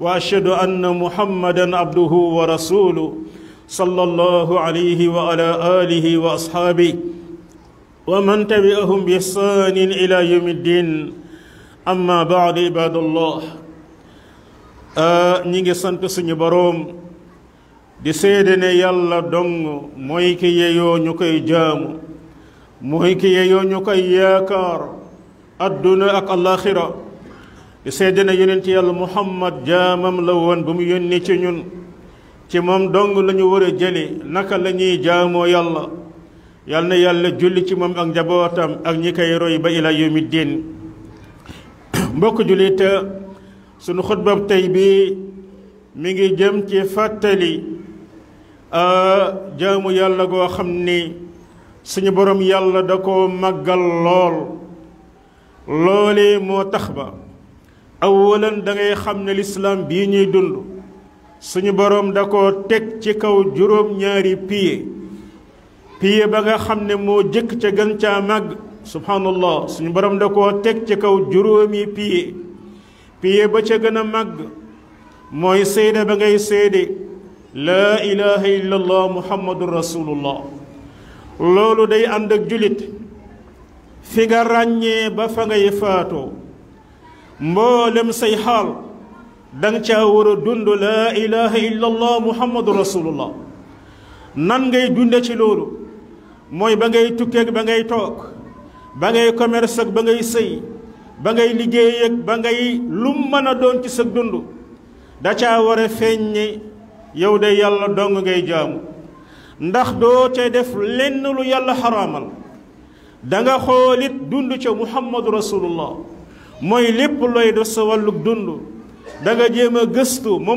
واشهد ان محمدا عبده ورسوله صلى الله عليه وعلى اله واصحابه ومن تبعهم باحسان الى يوم الدين اما بعد عباد الله آه، نيغي سانت سوني بروم دي سيدنا يالا دونغ موي كي ييو نيوكاي ñu موي كي ييو نيوكاي ياكار ñu اك الاخره di seede na ci yàlla muhammad jaamam la woon bu mu yónnee ci ñun ci moom dong lañu ñu war a naka la ñuy jaamoo yàlla yal na yàlla julli ci moom ak njabootam ak ñi koy roy ba ila yawmi diin mbokk jullit sunu xutbab tey bii mi ngi jëm ci fàttali jaamu yàlla goo xam ni suñu boroom yàlla da koo màggal lool loolee moo tax ba awalan da xam ne lislaam bii ñuy dund suñu boroom da koo teg ci kaw juróom ñaari piye piye ba nga xam ne moo jëkk ca gën caa màgg subhaanallah suñu boroom da koo teg ci kaw juróomi piye piye ba ca gën a màgg mooy seede ba ngay seede laa ilaha illallah muhammadun rasulullah loolu day ànd ak julit fi nga ràññee ba fa ngay faatoo mboolem say xaal danga caa war a dund laa ilaha illa muhammadu rasulullah nan ngay dunde ci loolu mooy ba ngay tukkeeg ba ngay toog ba ngay commerce ak ba ngay sëy ba ngay liggéey ak ba ngay lu mën a doon ci sa dund da ca war a feeñ yow de yàlla dong ngay jaamu ndax doo te def lenn lu yàlla xaraamal danga xoolit dund ca muhammadu rasulullah mooy lépp looy def sa wàllug dund danga nga jéem a gëstu ma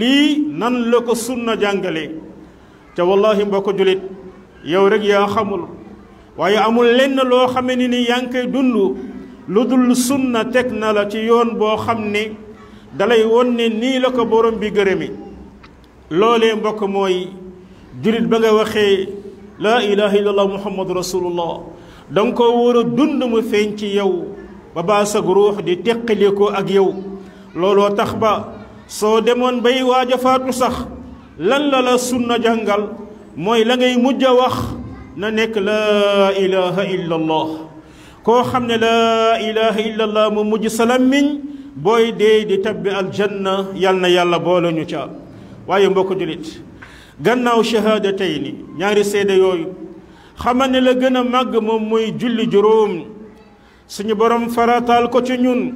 lii nan la ko sunna jàngale te wallahi mbokk julit yow rek yaa xamul waaye amul lenn loo xame ni ni yaa ngi koy dund lu dul sunna teg na la ci yoon boo xam ne dalay won ne nii la ko borom bi gërëmi loole mbokk mooy julit ba nga waxee laa ilaha illallah muhammadu rasulullah da nga ko war dund mu feeñ ci yow baba ba sag di tekkeliko ak yow lolo tax ba soo bay waja fatu sax lan la la sunna jàngal moy la ngay mujja wax na nek la ilaha illa allah ko xamne la ilaha illa allah mu mujj salam min boy de di tabbi al janna yalna yàlla boole ñu ca waye mbok julit gannaaw shahadatayn ñaari sede yooyu xamane la gëna mag mom moy julli juróom suñu borom faratal ko ci ñun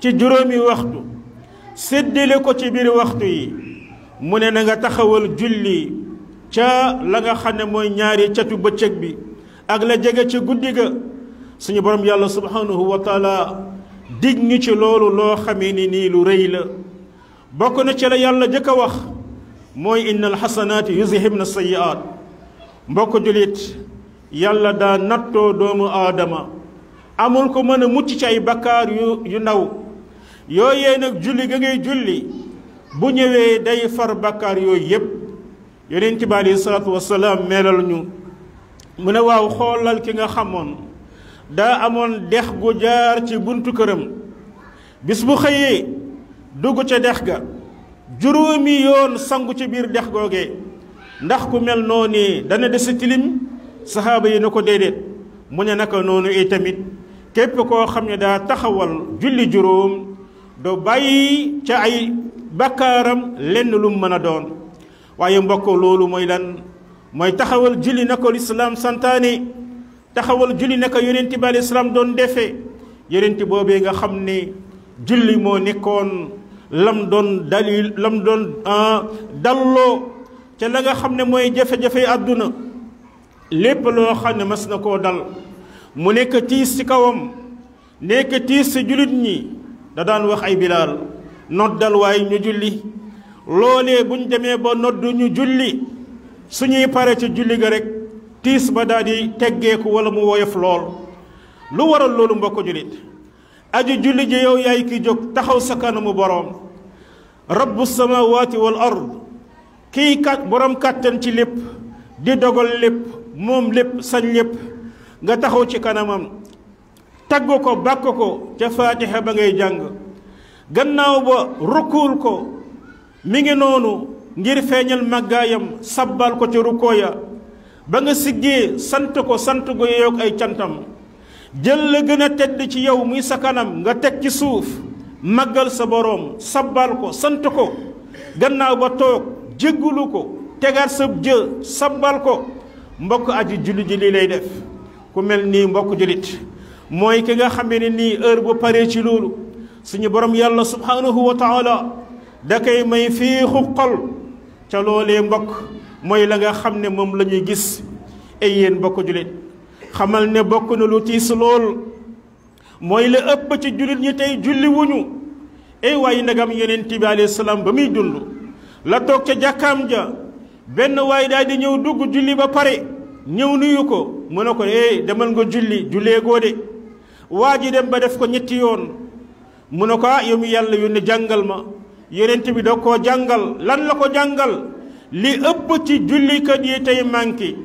ci juróomi waxtu séddale ko ci biir waxtu yi mu ne na nga taxawal julli ca la nga xam ne mooy ñaari catu bëccëg bi ak la jege ci guddi ga suñu borom yàlla subhanahu wa taala dig ñu ci loolu loo xamee ni nii lu rëy la bokk na ci la yàlla jëkk a wax mooy innal alxasanaati yuzhibna sayiaat mbokk julit yàlla daa nattoo doomu aadama amul ko mën a mucc ci ay bakkaar yu yu ndaw yooyee nag julli ga ngay julli bu ñëwee day far bakkaar yooyu yépp yonent bi aleyhi salaatu wasalaam meelal ñu mu ne waaw xoolal ki nga xamoon daa amoon dex gu jaar ci buntu këram bis bu xëyee dugg ca dex ga juróomi yoon sangu ci biir dex googee ndax ku mel noo noonu dana des tilim saxaaba yi na ko déedéet mu ne naka noonu itamit képp koo xam ne daa taxawal julli juróom du bàyyi ca ay bakkaaram lenn lu mën a doon waaye mbokk loolu mooy lan mooy taxawal julli na ko lislaam santaane taxawal julli na ko yonent bi alislaam doon defe yonent boobee nga xam ne julli moo nekkoon lam doon dalil lam doon ah, dalloo ca la nga xam ne mooy jafe-jafe àdduna lépp loo xam ne mas na koo dal mu nekk tiis ci kawam nekk tiis ci jullit ñi da daan wax ay bilaal noddal waay ñu julli loolee buñ demee ba noddu ñu julli suñuy pare ci julli ga rekk tiis ba daal di teggeeku walla mu woyof lool lu waral loolu mbokk jullit aju julli ji yow yaay ki jóg taxaw sa kanamu boroom rabbu samaawaati wal ard kii kat boroom kàttan ci lépp di dogal lépp moom lépp sañ lépp nga taxaw ci kanamam tagg ko bàkk ko ca faatixa ba ngay jàng gannaaw ba rukkuul ko mi ngi noonu ngir feeñal màggaayam sabbal ko ca rukkoo ba nga siggee sant ko sant gu yeyoog ay cantam jël la gën a tedd ci yow muy sa kanam nga teg ci suuf màggal sa boroom sabbal ko sant ko gannaaw ba toog jéggulu ko tegaat sa jë sabbal ko mbokk aji julli ji lii lay def ku mel nii mbokk julit mooy ki nga xamee ne nii heure bu paree ci loolu suñu borom yàlla subhanahu wa taala da koy may fiixu xol ca loolee mbokk mooy la nga xam ne moom la ñuy gis ay yéen mbokk julit xamal ne bokk na lu tiis lool mooy la ëpp ci julit ñi tey julli wuñu ay waaye ndegam yonent bi alayhi ba muy dund la toog ca jàkkaam ja benn waay daal di ñëw dugg julli ba pare ñëw nuyu ko mu ne ko eh demal nga julli jullee goo de waa ji dem ba def ko ñetti yoon mu ne ko ah, yow yàlla yónne jàngal ma yonent bi da ko jàngal lan la ko jàngal li ëpp ci jullikat yi tey manqué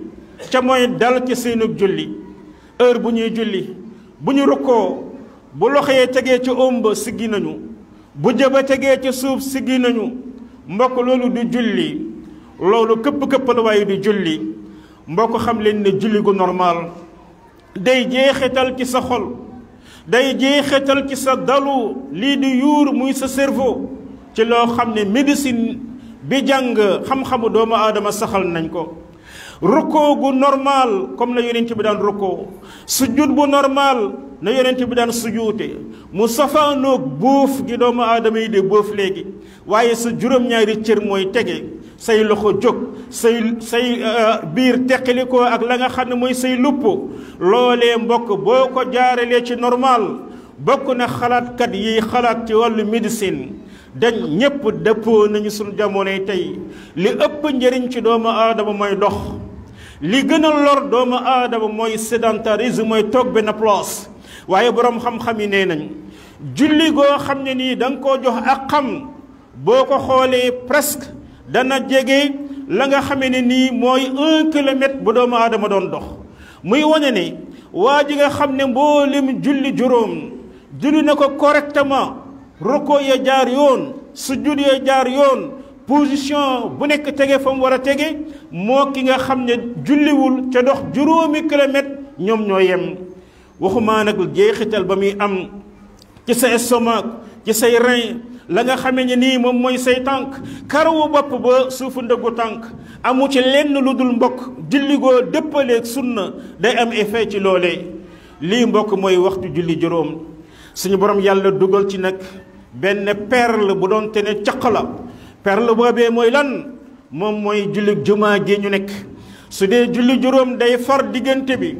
ca mooy dal ci seenub julli heure bu ñuy julli bu ñu rukkoo bu loxo yi tegee ci omba siggi nañu bu jëba tegee ca suuf siggi nañu mbokk loolu du julli loolu këpp këppal waaye du julli mbokk xam leen ne julli gu normal day jeexital ci sa xol day jeexital ci sa dalu lii di yuur muy sa cerveau ci loo xam ne médecine bi jàng xam-xamu doomu aadama saxal nañ ko rukkoo gu normal comme na yonent bi daan rukkoo sujud bu normal na yonent bi daan sujuute mu safaanoog bóof gi doomu aadama yi di bóof léegi waaye sa juróom-ñaari cër mooy tege say loxo jóg say say uh, biir teqalikoo ak la nga xam ne mooy say lupp loolee mbokk boo ko jaaralee ci normal bokk na xalaatkat yi xalaat ci wàllu médecine dañ ñépp dëppoo nañu suñu jamonoy tey li ëpp njëriñ ci doomu aadama mooy dox li gën a lor doomu aadama mooy sédentarisme mooy toog na place waaye boroom xam-xam yi nee nañ julli goo xam ne nii danga nga koo jox ak xam boo ko xoolee presque dana jege la nga xamee ne nii mooy un kilomètre bu doomu aadama doon dox muy wane ne waa ji nga xam ne mboolem julli juróom julli na ko correctement roko ya jaar yoon sujud ya jaar yoon position bu nekk tege fa mu war a tege moo ki nga xam ne julliwul ca dox juróomi kilomètre ñoom ñoo yem waxumaa nag jeexital ba muy am ci sa estomac ci say rein la nga xamee ni nii moom mooy say tànk karawu bopp ba suufu ndëggu tànk amu ci lenn lu dul mbokk julligoo dëppaleeg sunna day am effet ci loolee lii mbokk mooy waxtu julli juróom suñu borom yàlla dugal ci nag benn perle bu doon te ne caq la perle boobee mooy lan moom mooy julli jumaa gee ñu nekk su dee julli juróom day far diggante bi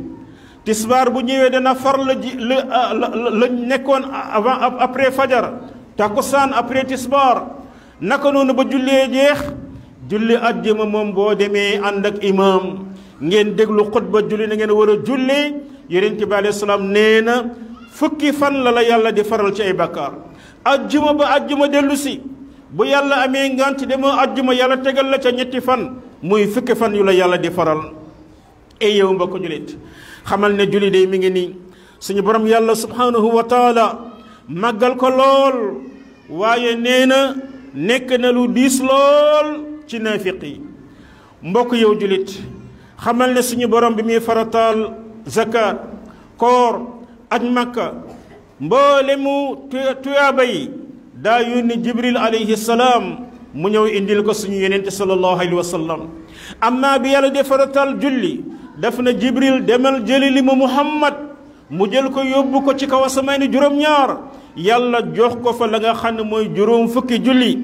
tisbaar bu ñëwee dana far la ji la la nekkoon avant après fajar takkusaan après tisbaar naka noonu ba jullee jeex julli àjjuma moom boo demee ànd ak imaam ngeen déglu xot ba julli na ngeen war a julli yonent bi alayhi salaam nee na fukki fan la la yàlla di faral ci ay bakkaar àjjuma ba àjjuma dellu si bu yàlla amee ngant demoo àjjuma yàlla tegal la ca ñetti fan muy fukki fan yu la yàlla di faral ey yow mbokk jullit xamal ne julli day mi ngi nii suñu borom yàlla subhanahu taala màggal ko lool waaye nee na nekk na lu diis lool ci naafiq mbokk yow jullit xamal ne suñu borom bi muy farataal zakat koor aj makka mboolemu tuyaaba yi daa yónni jibril alayhi salaam mu ñëw indil ko suñu yonent sallallahu alayhi wa sallam amma bi yàlla di faratal julli daf na jibril demal jëli li mu muhammad mu jël ko yóbbu ko ci kaw asamaan juróom-ñaar yàlla jox ko fa la nga xam ne mooy juróom fukki julli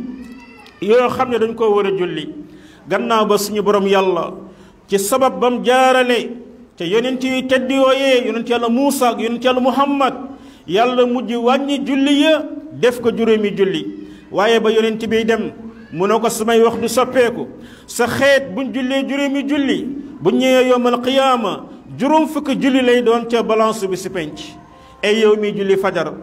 yoo xam ne dañ ko war a julli gannaaw ba suñu borom yàlla ci sabab bam jaarale te yonent yu tedd yooyee yonent yàlla Muusa ak yonent yàlla Muhammad yàlla mujj wàññi julli def ko juróomi julli waaye ba yonent bi dem mu ne ko samay wax du soppeeku sa xeet buñ jullee juróomi julli bu ñëwee yowmal qiyaama juróom fukki julli lay doon ca balance bi si penc ay yow mi julli fajar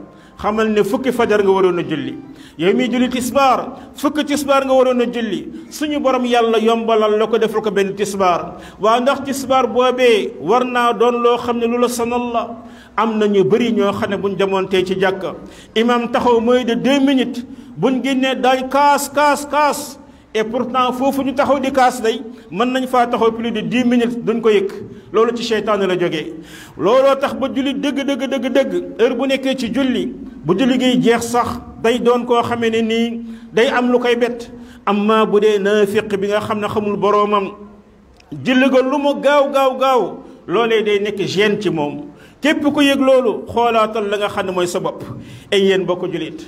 xamal ne fukki fajar nga waroon a julli yow miy julli tisbaar fukki tisbaar nga waroon a julli suñu borom yàlla yombalal la ko defal ko benn tisbaar waa ndax tisbaar boobee war naa doon loo xam ne lu la sonal la am na ñu bëri ñoo xam ne buñ jamontee ci jàkka imam taxaw mooy de deux minutes buñ génnee daañ kaas kaas kaas et pourtant foofu ñu taxaw di kaas day mën nañ faa taxaw plus de dix minutes duñ ko yëg loolu ci seytaane la jógee looloo tax ba julli dëgg dëgg dëgg dëgg bu nekkee ci julli bu julli gi jeex sax day doon koo xamee ne nii day am lu koy bett amma bu dee naafiq bi nga xam ne xamul borom boroomam julli ga lu mu gaaw gaaw gaaw loolee day nekk gêne ci moom képp ko yëg loolu xoolaatal la nga xam ne mooy sa bopp ay yéen bokk jullit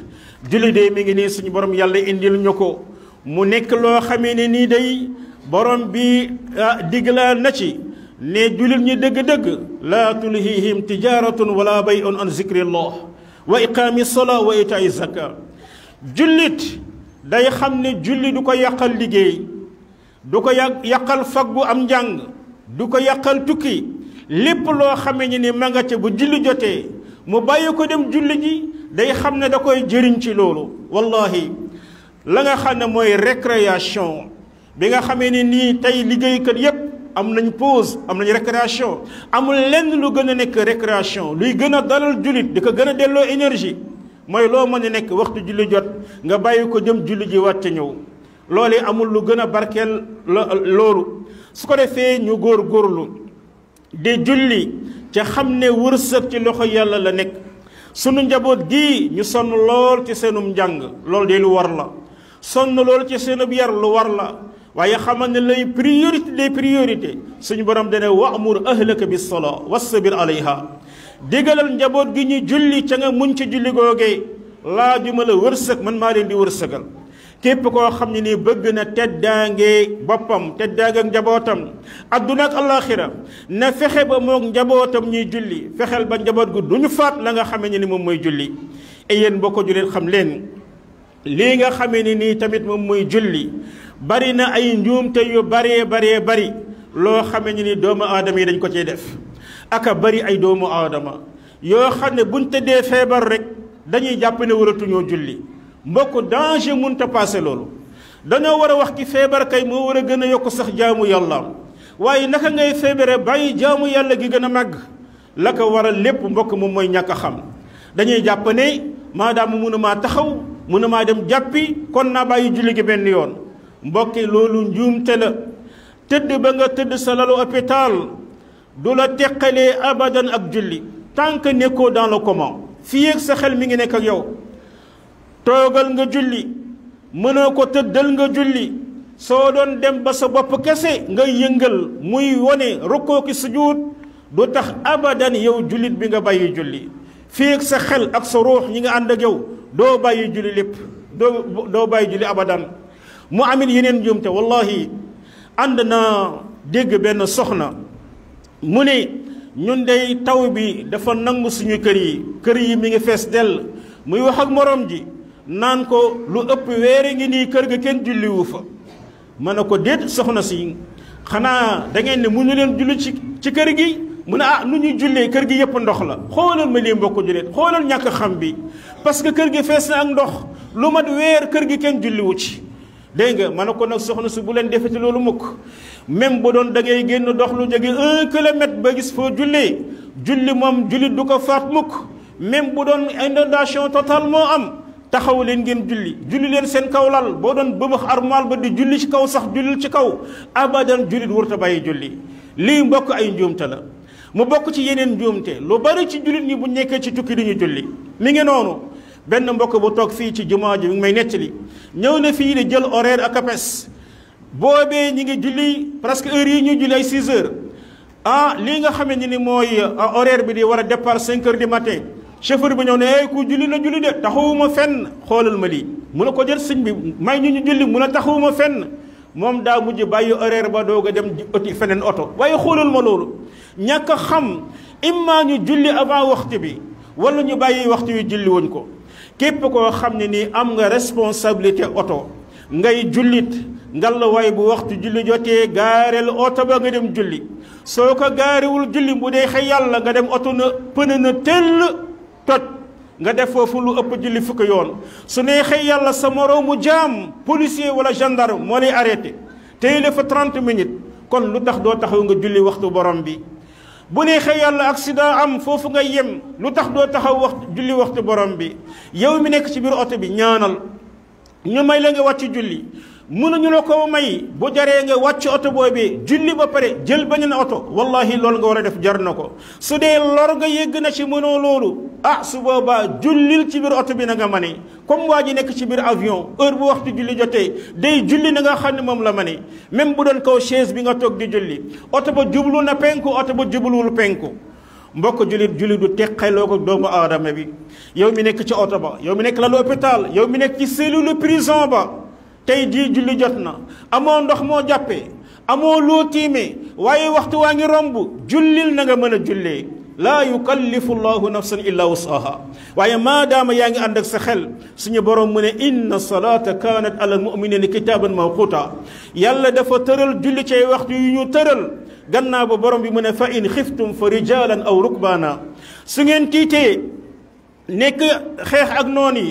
julli day mi ngi nii suñu borom yàlla indil ñu ko mu nekk loo xamee ne nii day borom bi ah, digla na ci ne jullit ñi dëgg-dëgg laa tulhihim tijaratun wala bay'un an zikrillah wa iqaami sola wa itaay zaka jullit day xam ne julli du ko yàqal liggéey du ko yàqal faggu am njàng du ko yàqal tukki lépp loo xamee ni ni ma nga ca bu julli jotee mu bàyyi ko dem julli ji day xam ne da koy jëriñ ci loolu wallahi la nga xam ne mooy récréation bi nga xamee ni nii tey liggéeykat yépp am nañ pause am nañu récréation amul lenn lu gën a nekk récréation luy gën a dalal jullit di ko gën a delloo énergie mooy loo mën a nekk waxtu julli jot nga bàyyi ko jëm julli ji wàcc ñëw loole amul lu gën a barkeel loolu su ko defee ñu góor góorlu di julli ca xam ne wërsëg ci loxo yàlla la nekk sunu njaboot gii ñu sonn lool ci seenum njàng loolu de lu war la sonn lool ci seenub yar lu war la waye xamane lay priorité des priorité suñu borom dana wa'mur ahlaka bis sala wasbir alayha digalal njabot gi ñi julli ci nga muñ ci julli googee laajuma la wërsek man ma leen di wërsëgal képp koo xam ne nii bëgg na teddaange boppam teddaange ak njabootam adduna ak alaxira na fexe ba moog njabootam ñuy julli fexeel ba njaboot gu duñu faat la nga xamee ne ni moom mooy julli e yéen mbokko juleen xam leen lii nga xamee ne nii tamit moom mooy julli bari na ay njuumte yu baree baree bari loo xame ñu ni doomu aadama yi dañ ko cee def aka bari ay doomu aadama yoo xam ne buñ tëddee feebar rek dañuy jàpp ne waratuñoo julli mbokk danger munta passé loolu dañoo war a wax gi feebar kay moo war a gën a yokk sax jaamu yàlla waaye naka ngay feebare bàyyi jaamu yàlla gi gën a màgg la ko waral lépp mbokk moom mooy ñàkk a xam dañuy jàpp ne maadaama mënumaa taxaw mënumaa dem jàppi kon naa bàyyi julli gi benn yoon mbokki loolu njuumte la tëdd ba nga tëdd sa lalu hôpital du la teqalee abadan ak julli tant que nekkoo dans ko moom fii ak sa xel mi ngi nekk ak yow toogal nga julli mën a ko tëddal nga julli soo doon dem ba sa bopp kese nga yëngal muy wone rukkoo ki sujud du tax abadan yow jullit bi nga bàyyi julli fii ak sa xel ak sa ruux ñi nga ànd ak yow doo bàyyi julli lépp doo doo bàyyi julli abadan mu amit yeneen njuumte wallahi ànd naa dégg benn soxna mu ne ñun day taw bi dafa nangu suñu kër yi kër yi mi ngi fees dell muy wax ak morom ji naan ko lu ëpp weer ngi nii kër gi kenn julliwu fa ma ne ko déet soxna si xanaa da ngeen ne mu ñu leen julli ci ci kër gi mu ne ah nu ñuy jullee kër gi yëpp ndox la xoolal ma lii mbokk jullit xoolal ñàkk xam bi parce que kër gi fees na ak ndox lu mat weer kër gi kenn julliwu ci deng nga ko si bu len même da ngay un kilomètre ba gis fo julli julli mom julli du ko fat muk, même bu inondation totale am taxaw leen ngeen julli julli len sen kaw lal boo ba di julli ci kaw sax julli ci kaw abadan julli a julli lii mbokk ay njumta la mu ci bari benn mbokk bu toog fii ci jumaa ji mi ngi may nettali ñëw na fii di jël horaire ak apes boobee ñi ngi julli presque heure yi ñu julli ay 6 heures ah lii nga xamante ni mooy horaire bi di war a départ 5 heures du matin chauffeur bi ñëw ne ay ku julli la julli de taxawuma fenn xoolal ma lii mu ne ko jël sëñ bi may ñu ñu julli mu ne taxawuma fenn moom daa mujj bàyyi horaire ba doog a dem ëti feneen oto waaye xoolal ma loolu ñàkk xam imma ñu julli avant waxtu bi wala ñu bàyyi waxtu wi julli wuñ ko képp koo xam ne nii am nga responsabilité oto ngay jullit ngalawaay bu waxtu julli jotee gaareel oto ba nga dem julli soo ko gaarewul julli bu ne xëy yàlla nga dem oto na pëne na tëll toj nga def foofu lu ëpp julli fukk yoon su ne xëy yàlla sa moroomu jaam policier wala gendarme moo lay arrêté tey la fa 30 minutes kon lu tax doo taxaw nga julli waxtu borom bi bu neexee ak accident am foofu nga yem lu tax doo taxaw wax julli waxtu borom bi yow mi nekk ci biir oto bi ñaanal ñu may la nga wàcc julli mënuñu la ko may bu jaree nga wàcc oto boobi julli ba pare jël bañ beneen oto wallahi loolu nga war a def jar na ko su dee lor nga yëgg na ci mënoo loolu ah su boobaa jullil ci biir oto bi na nga mane comme waa ji nekk ci biir avion heure bu waxtu julli jotee day julli nanga xam ne moom la mane même bu doon kaw chaise bi nga toog di julli oto ba jublu na penku oto ba jubluwul penku mbokk jullit jullit du teqaloo ko doomu aadama bi yow mi nekk ci oto ba yow mi nekk la l'hôpital yow mi nekk ci cellule prison ba tey jii julli jot na amoo ndox moo jàppee amoo loo tiimee waaye waxtu waa ngi romb jullil na nga mën a jullee لا يكلف الله نفسا الا وسعها وايا ما دام ياغي اندك سخل سني بروم من ان الصلاه كانت على المؤمنين كتابا موقوتا يلا دفا ترل جولي تي وقت يو ترل غنا بو بروم بي من فان خفتم فرجالا او ركبانا سنين تيتي نيك خيخ اك نوني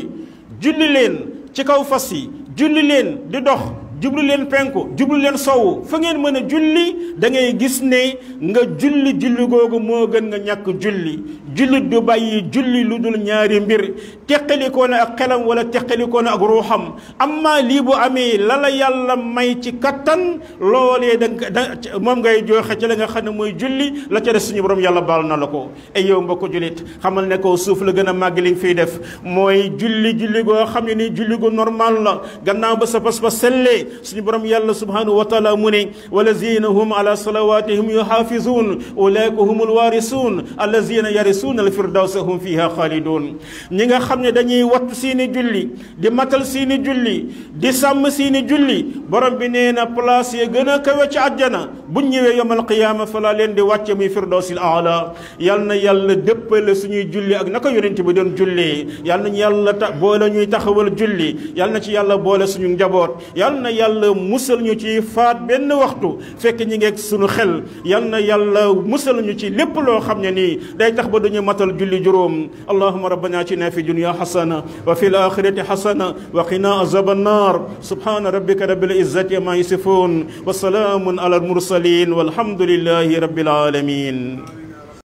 جولي لين تي كاو فاسي جولي لين دي دوخ jublu leen penku jublu leen sowu fa ngeen mën a julli da ngay gis ne nga julli julli googu moo gën nga ñàkk julli julli du bàyyi julli lu dul ñaari mbir teqalikoo na ak xelam wala teqalikoo na ak ruuxam amma lii bu amee la la yàlla may ci kattan loolee da da moom ngay joxe ca la nga xam ne mooy julli la ca des suñu borom yàlla baal na la ko ay yow mbokku jullit xamal ne ko suuf la gën a màgg li fiy def mooy julli julli goo xam ne ni julli gu normal la julli suñu borom yàlla subhanahu wa taala mu ne walazina hum ala salawatihim yuhafizun ulaika humul warisun allazina yarisuna alfirdawsa hum fiha khalidun ñi nga xam ne dañuy wattu seeni julli di matal seeni julli di sàmm seeni julli borom bi nee na place ya gën a kawe ci àjjana buñ ñëwee yomal qiyaama fa laa leen di wàcce muy firdawsil aala yal na yàlla dëppale suñuy julli ak naka yonente bi doon julli yal na yàlla ta boole ñuy taxawal julli yal na ci yàlla boole suñu njaboot yal na yàlla musal ñu ci faat benn waxtu fekk ñi ngeeg sunu xel yal yàlla musal ñu ci lépp loo xam ne nii day tax ba duñu matal julli juróom allahuma rabbana atina fi dunya hasana wa fi الاخره حسنه وقنا عذاب النار سبحان ربك رب العزه ما يصفون وسلام على المرسلين mursalin walhamdulillahi rabbil alamin